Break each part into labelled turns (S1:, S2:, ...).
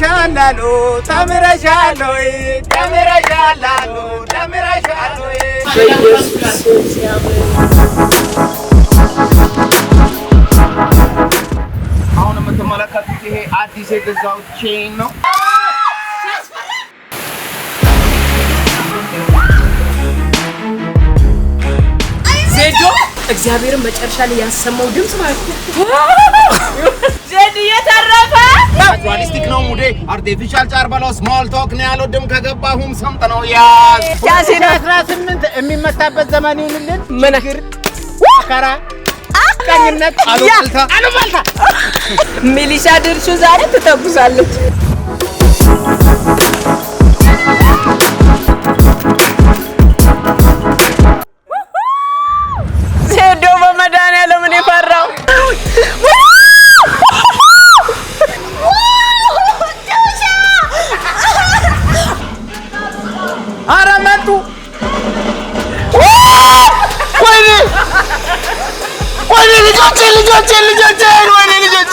S1: ተምረሻል አሉ ተምረሻል ወይ ተምረሻል አሉ ተምረሻል ወይ
S2: አሁን የምትመለከቱት ይሄ አዲስ የገዛው ቼን ነው።
S3: ዜዶ እግዚአብሔርን መጨረሻ ላይ ያሰማው ድምፅ ማለት ነው። ዜድዬ ተረፈ
S2: ናቹራሊስቲክ ነው ሙዴ። አርቲፊሻል ጫርበለው ስሞል ቶክ ነው ያለው። ድም ከገባሁም ሰምጥ ነው ያዝ
S3: ያሲና
S4: 18 የሚመታበት ዘመን ይሁንልን። ምን ግር ከራ ቀኝነት አሉባልታ አሉባልታ
S3: ሚሊሻ ድርሹ ዛሬ ትተጉዛለች።
S2: ወይኔ ልጆቼ ልጆቼ ልጆቼ ወይኔ ልጆቼ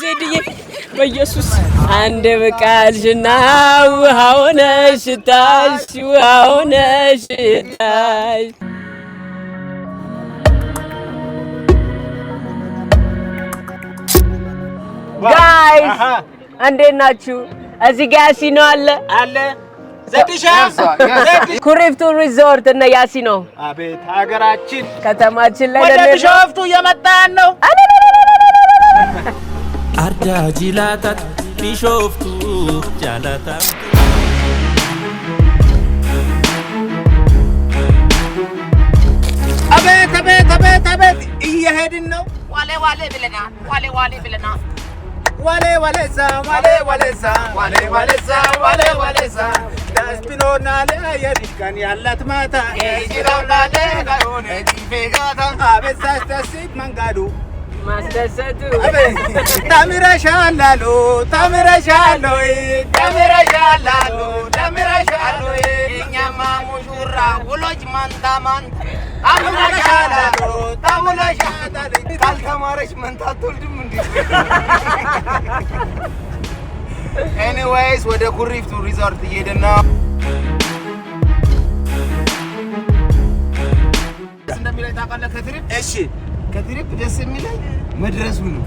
S3: ዜድዬ በኢየሱስ አንድ በቃልሽና ውሃ ሆነሽ ታሽ ውሃ ሆነሽ ታሽ ጋይስ እንዴት ናችሁ? እዚህ ጋር ሲኖ አለ አለ ኩሪፍቱ ሪዞርት እነ ያሲ ነው።
S2: አቤት ሀገራችን
S3: ከተማችን ላይ
S4: ወደ ቢሾፍቱ እየመጣን ነው።
S3: አዳጅ ላታት ቢሾፍቱ ጃላታ
S2: አቤት አቤት አቤት አቤት እየሄድን ነው።
S3: ዋሌ ዋሌ ብለናል። ዋሌ ዋሌ ብለናል።
S2: ዋሌ ዋሌ ዋሌ ዋሌ ዋሌ ዋሌ ዋሌ መንጋዱ
S3: ማስደሰቱ
S2: ተምረሻላሉ ተምረሻሎ ተምረሻላሉ ተምረሻሎ እኛማ ሙሹራ ውሎች ማንታ ካልተማረች መንታ አትወልድም ኤኒዌይስ ወደ ኩሪፍቱ ሪዞርት እየሄድን ነው።
S4: እንደሚለኝ ታውቃለህ? ከትሪፕ እሺ፣ ከትሪፕ ደስ የሚለኝ መድረሱ ነው።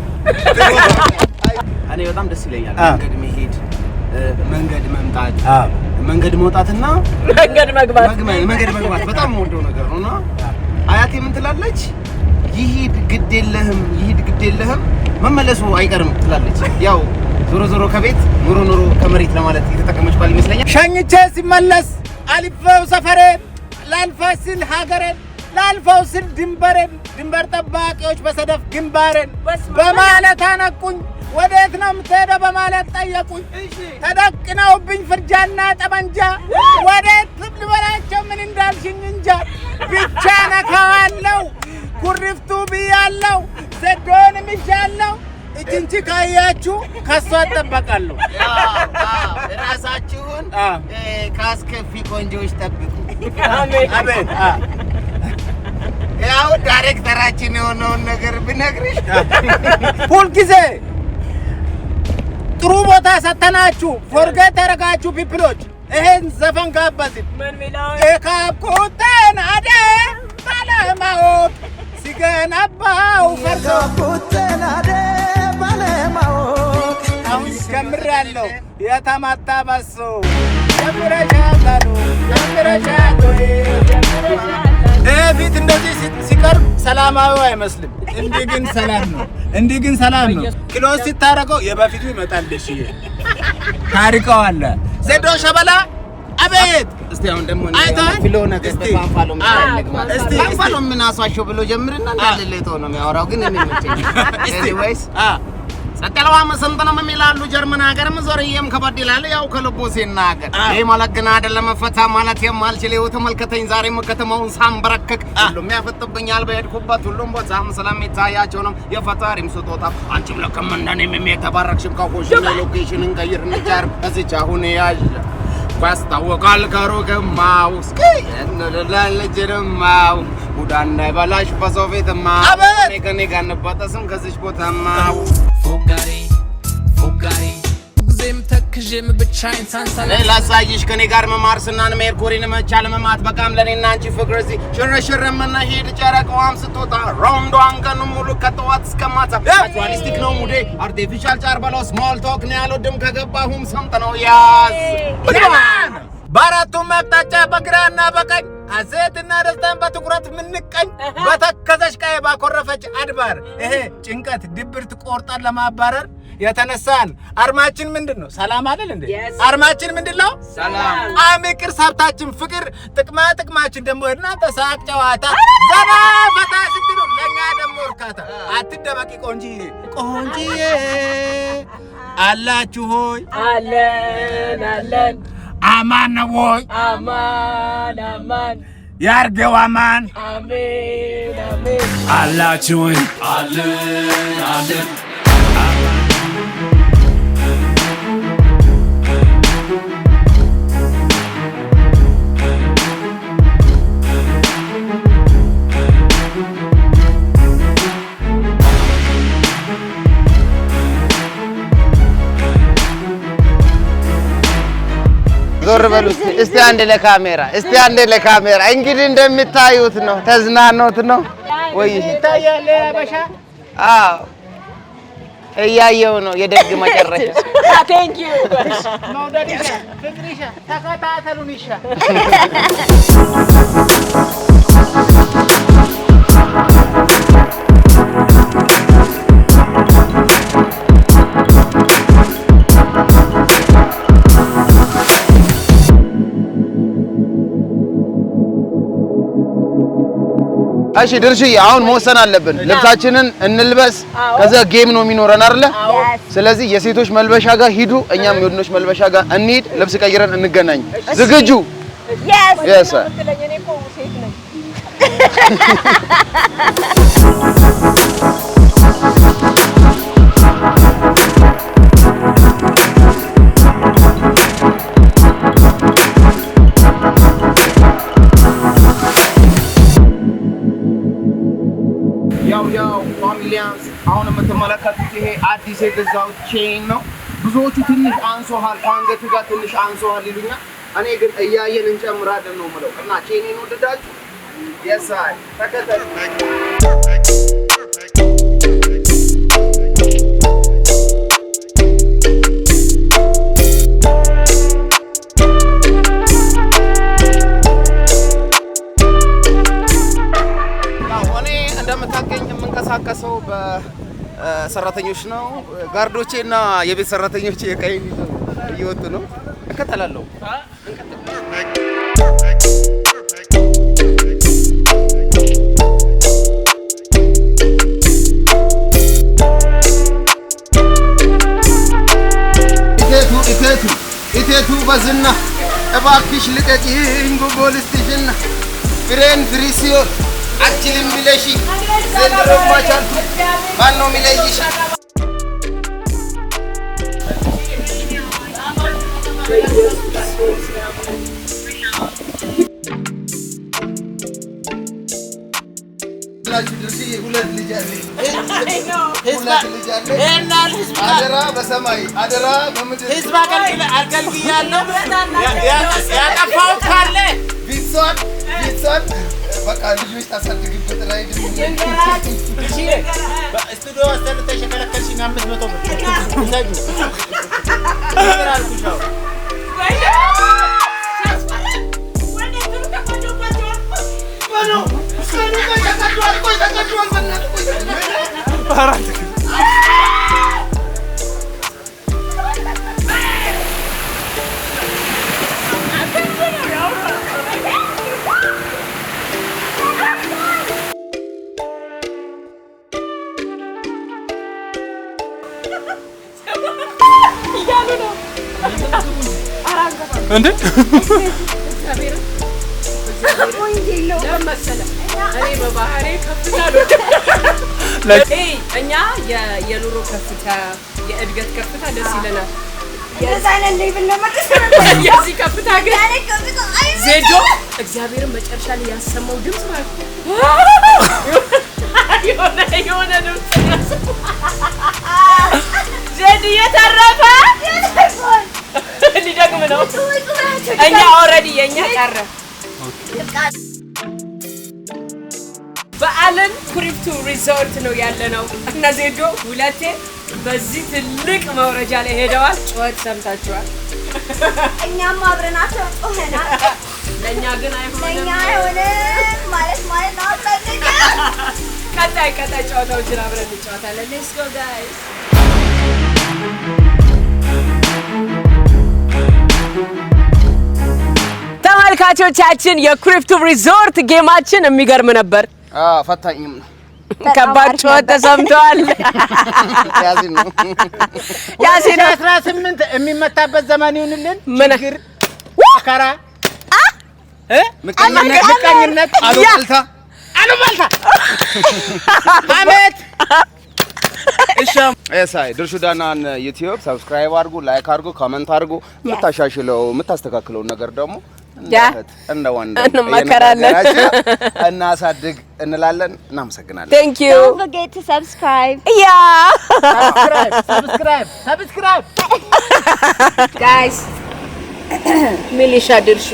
S4: እኔ በጣም ደስ ይለኛል መንገድ መሄድ፣ መንገድ መምጣት፣ መንገድ መውጣትና
S3: መንገድ መግባት
S4: መንገድ መግባት በጣም የምወደው ነገር ነው። እና አያቴ ምን ትላለች? ይሂድ ግድ የለህም፣ ይሂድ ግድ የለህም፣ መመለሱ አይቀርም ትላለች ያው ዞሮ ዞሮ ከቤት ኑሮ ኑሮ ከመሬት ለማለት የተጠቀመች ባል ይመስለኛል።
S2: ሸኝቼ ሲመለስ አልፈው ሰፈሬን ላልፈው ስል ሀገሬን ላልፈው ስል ድንበሬን ድንበር ጠባቂዎች በሰደፍ ግንባሬን በማለት አነቁኝ። ወዴት ነው የምትሄደው በማለት ጠየቁኝ። ተደቅነውብኝ ፍርጃና ጠመንጃ ወዴት ልበላቸው ምን እንዳልሽኝ እንጃ። ብቻ ነካዋለው ኩሪፍቱ ብያለው ዘዶንም ይሻለው እጅንቺ ካያችሁ ከሷ እጠበቃለሁ።
S4: ራሳችሁን ከአስከፊ ቆንጆዎች ጠብቁ። ያው ዳይሬክተራችን የሆነውን ነገር ብነግርሽ
S2: ሁልጊዜ ጥሩ ቦታ ሰተናችሁ ፎርጌት ያደረጋችሁ ፒፕሎች ይሄን ዘፈን ጋበዝን። የካብኩትን አደ ባለማወቅ ሲገነባው ፈርሶ አደ ጨምሬያለሁ። የተማታ ባሶ ጨምረሻታሉ ጨምረሻቶ ፊት እንደዚህ ሲቀርብ ሰላማዊ አይመስልም። እንዲህ ግን ሰላም ነው። እንዲህ ግን ሰላም ነው። ኪሎስ ሲታረቀው የበፊቱ ይመጣል። ደሽዬ ታሪቀዋለ ዘዶ ሸበላ አቤት
S4: እስቲ አሁን ደግሞ ፋንፋሎ ምን አሷቸው ብሎ ጀምርና እንዳለ ሌጦ ነው የሚያወራው ግን እኔ ጸጥያለዋ ምስንጥንም ይላሉ ጀርመን ሀገርም ዞርዬም ከበድ ይላል ያው ከልቡ ሲናገር። ይህ ማለት ግን አይደለም ፈታ ማለት የማልችል ይኸው ተመልከተኝ ዛሬም ከተማውን ሳንበረክክ ሁሉም ያፈጥብኛል በሄድኩበት ሁሉም ቦታም ስለሚታያቸው ነው የፈጣሪም ስጦታ። አንቺም ለከም እንደኔም የተባረክሽም ከሆሽ ሎኬሽን እንቀይር እንጃር እዚች አሁን ያዥ ያስታውቃል ከሩቅማው ልጅድማው ጉዳ እንዳይበላሽ በሰው ቤትማ ከኔ ጋር እንባጠስም ከዚች ቦታማው ፎጋሪ ፎጋሪ ላሳይሽ ከኔ ጋር መማር ሜርኩሪን መቻል መማት በቃም ለኔና አንቺ ፍቅር እዚህ ሽርሽር የምንሄድ ጨረቃዋም ስትወጣ ራውንዷን ቀኑን ሙሉ ከጠዋት እስከ ማታ ናቹራሊስቲክ ነው ሙዴ አርቲፊሻል ጫር በለው ስሞል ቶክ ነው ያለው ድም ከገባሁም ሰምጥ ነው ያዝ በአራቱም አቅጣጫ በግራና በቀኝ ሐሴትና ደስታን በትኩረት ምንቀኝ በተከዘች ቀይ ባኮረፈች አድባር ይሄ ጭንቀት፣ ድብርት ቆርጠን ለማባረር የተነሳን አርማችን ምንድን ነው? ሰላም አይደል እንዴ? አርማችን ምንድን ነው? ሰላም። ጣዕም፣ ይቅር፣ ሰብታችን ፍቅር፣ ጥቅማ ጥቅማችን ደግሞ እናንተ ሳቅ፣ ጨዋታ፣ ዘና ፈታ ስትሉ ለእኛ ደግሞ እርካታ። አትደበቂ ቆንጂዬ፣ ቆንጂዬ አላችሁ ሆይ አለን አለን አማን ነው ወይ? አማን አማን ያርገው አማን አሜን አሜን አላችሁ አለን አለን እስቲ አንድ ለካሜራ እስቲ አንድ ለካሜራ። እንግዲህ እንደምታዩት ነው፣ ተዝናኖት ነው ወይ ይታያል። አበሻ አዎ፣ እያየው ነው የደግ መጨረሻ። ታንኪዩ መውደድሻ፣ ፍቅርሻ፣ ተከታተሉንሻ እሺ ድርሽዬ፣ አሁን መወሰን አለብን። ልብሳችንን እንልበስ፣ ከዛ ጌም ነው የሚኖረን አይደለ? ስለዚህ የሴቶች መልበሻ ጋር ሂዱ፣ እኛም የወንዶች መልበሻ ጋር እንሂድ። ልብስ ቀይረን እንገናኝ። ዝግጁ? የስ አዲስ የገዛሁት ቼን ነው። ብዙዎቹ ትንሽ አንሶሃል፣ ከአንገት ጋር ትንሽ አንሶሃል ይሉኛል። እኔ ግን እያየን እንጨምራለን ነው የምለው እና ቼኔን ወደዳችሁ የሳይ ተከተሉ። ሰራተኞች ነው ጋርዶቼ እና የቤት ሰራተኞች የቀይን እየወጡ ነው። እከተላለሁ። እቴቱ እቴቱ በዝና እባክሽ ልቀቂኝ ጉጎልስትሽና ፍሬን ፍሪ ሲሆን አችልም ብለሽ ማን ነው የሚለይሽ? አደራ በሰማይ አደራ በምድር ህዝብ አገልግያለሁ። ያጠፋሁት ካለ ቢትሰን ቢትሰን በቃ ልጆች ታሳድግበት ላይ ስቱዲዮ እንዴ እኛ የኑሮ ከፍታ የእድገት ከፍታ ደስ ይለናል። የዚህ ከፍታ ግን ዜዶ እግዚአብሔርን መጨረሻ ላይ ያሰማው ድምፅ ማለት የሆነ ድምፅ ዜድ እየተረፈ ሊደግም ነው እኛ ኦልሬዲ የእኛ ቀረ። በአለም ኩሪፍቱ ሪዞርት ነው ያለነው እና ዜዶ ሁለቴ በዚህ ትልቅ መውረጃ ላይ ሄደዋል። ጩኸት ሰምታችኋል። እኛም አብረናቸው ጮኸናል። ለእኛ ግን አይሆንም ማለት ማለት ነው። ቀጣይ ቀጣይ ጨዋታዎችን አብረን እንጫወታለን። ሌትስ ጎ ጋይስ ተመልካቾቻችን የኩሪፍቱ ሪዞርት ጌማችን የሚገርም ነበር። ፈታኝም ነው። ከባድ ጩኸት ተሰምተዋል። ያሲን አስራ ስምንት የሚመታበት ዘመን ይሁንልን። ችግር መከራ፣ ምቀኝነት፣ አሉባልታ አሉባልታ አመት እሳይ ድርሹ ዳናን ዩቲዩብ ሰብስክራይብ አድርጉ፣ ላይክ አድርጉ፣ ኮመንት አድርጉ። የምታሻሽለው የምታስተካክለውን ነገር ደግሞ እንመከራለን፣ እናሳድግ እንላለን። እናመሰግናለን። ቴንክ ዩ ያ ጋይስ ሚሊሻ ድርሹ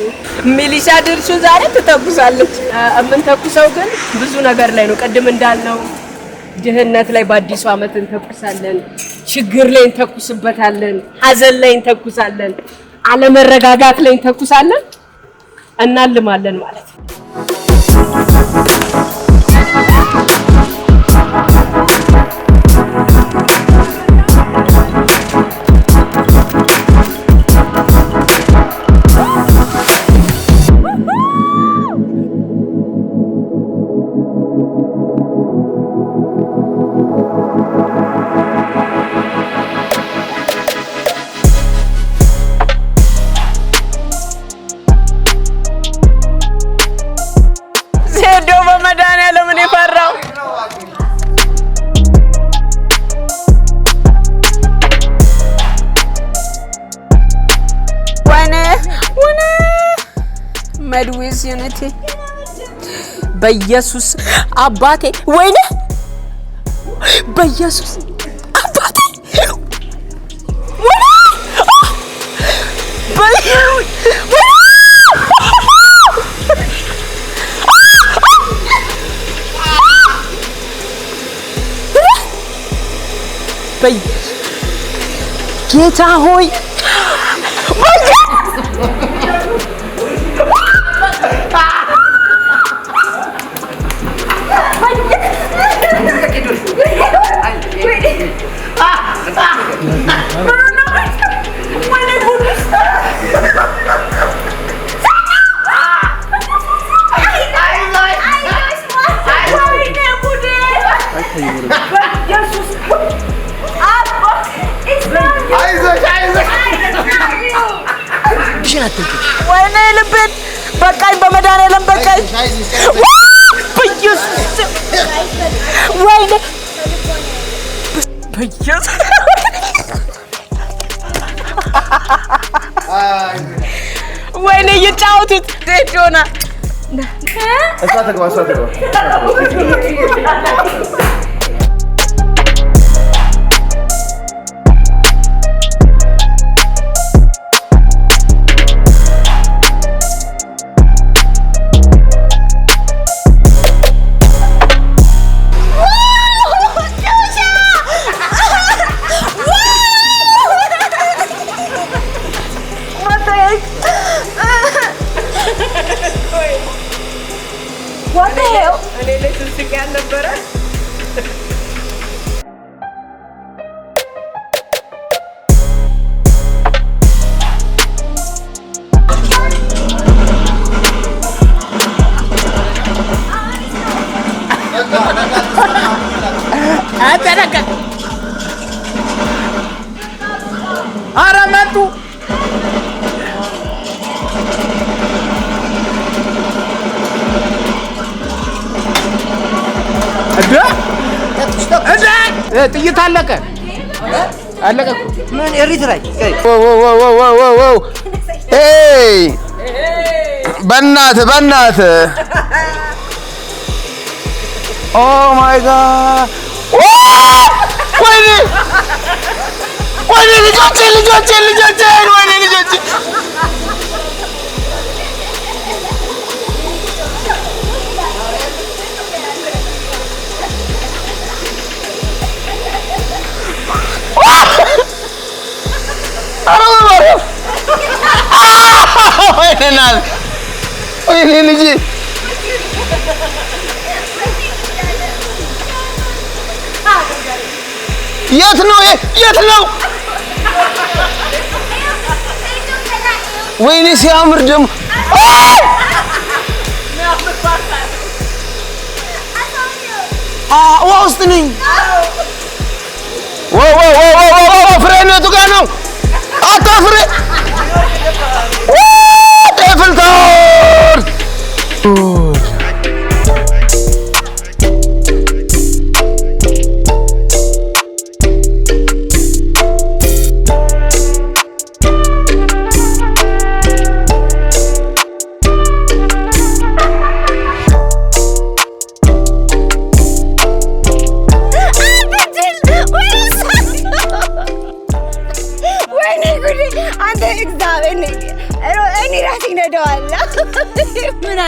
S4: ሚሊሻ ድርሹ ዛሬ ትተኩሳለች። የምንተኩሰው ግን ብዙ ነገር ላይ ነው። ቅድም እንዳልነው ድህነት ላይ በአዲሱ ዓመት እንተኩሳለን፣ ችግር ላይ እንተኩስበታለን፣ ሀዘን ላይ እንተኩሳለን፣ አለመረጋጋት ላይ እንተኩሳለን። እናልማለን ማለት ነው። መድ ዊዝ ዩኒቲ በኢየሱስ አባቴ ወይኔ በኢየሱስ አባቴ ጌታ ሆይ ወይኔ ልቤን በቃኝ፣ በመድኃኒዓለም በቃኝ። ወይኔ እየጫወቱት ሆና አጠረቀቅ ኧረ መጡ። ጥይት አለቀ አለቀ። ምን ኤሪትራይ በእናት በእናት ኦ ማይ ጋድ Olha ele de ele de ele de olha ele de Araba var ya. Aynen abi. Aynen Ece. የት ነው የት ነው? ወይኔ ሲያምር ደግሞ ውሃ ውስጥ ነኝ። ፍሬነቱ ጋር ነው። አቶ ኤፍል ታወር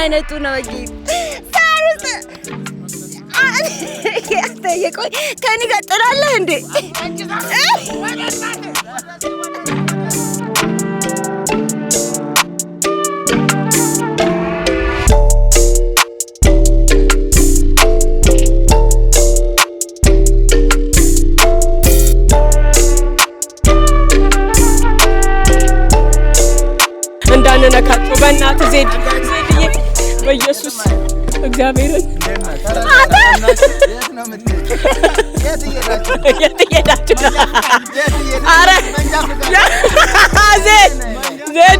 S4: አይነቱ ነው እንጂ ሳሩስ አይ የቆይ ከኔ ጋር ጥላለህ እንዴ?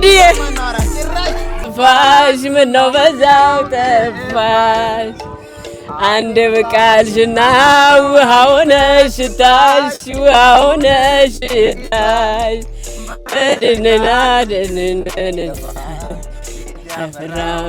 S4: ውድዬ ጠፋሽ ምነው በዛው ጠፋሽ አንድ ብቃልሽና ውሃ ሆነሽ ሽታሽ ውሃ ሆነሽ ሽታሽ ድንና ድንን ያፈራ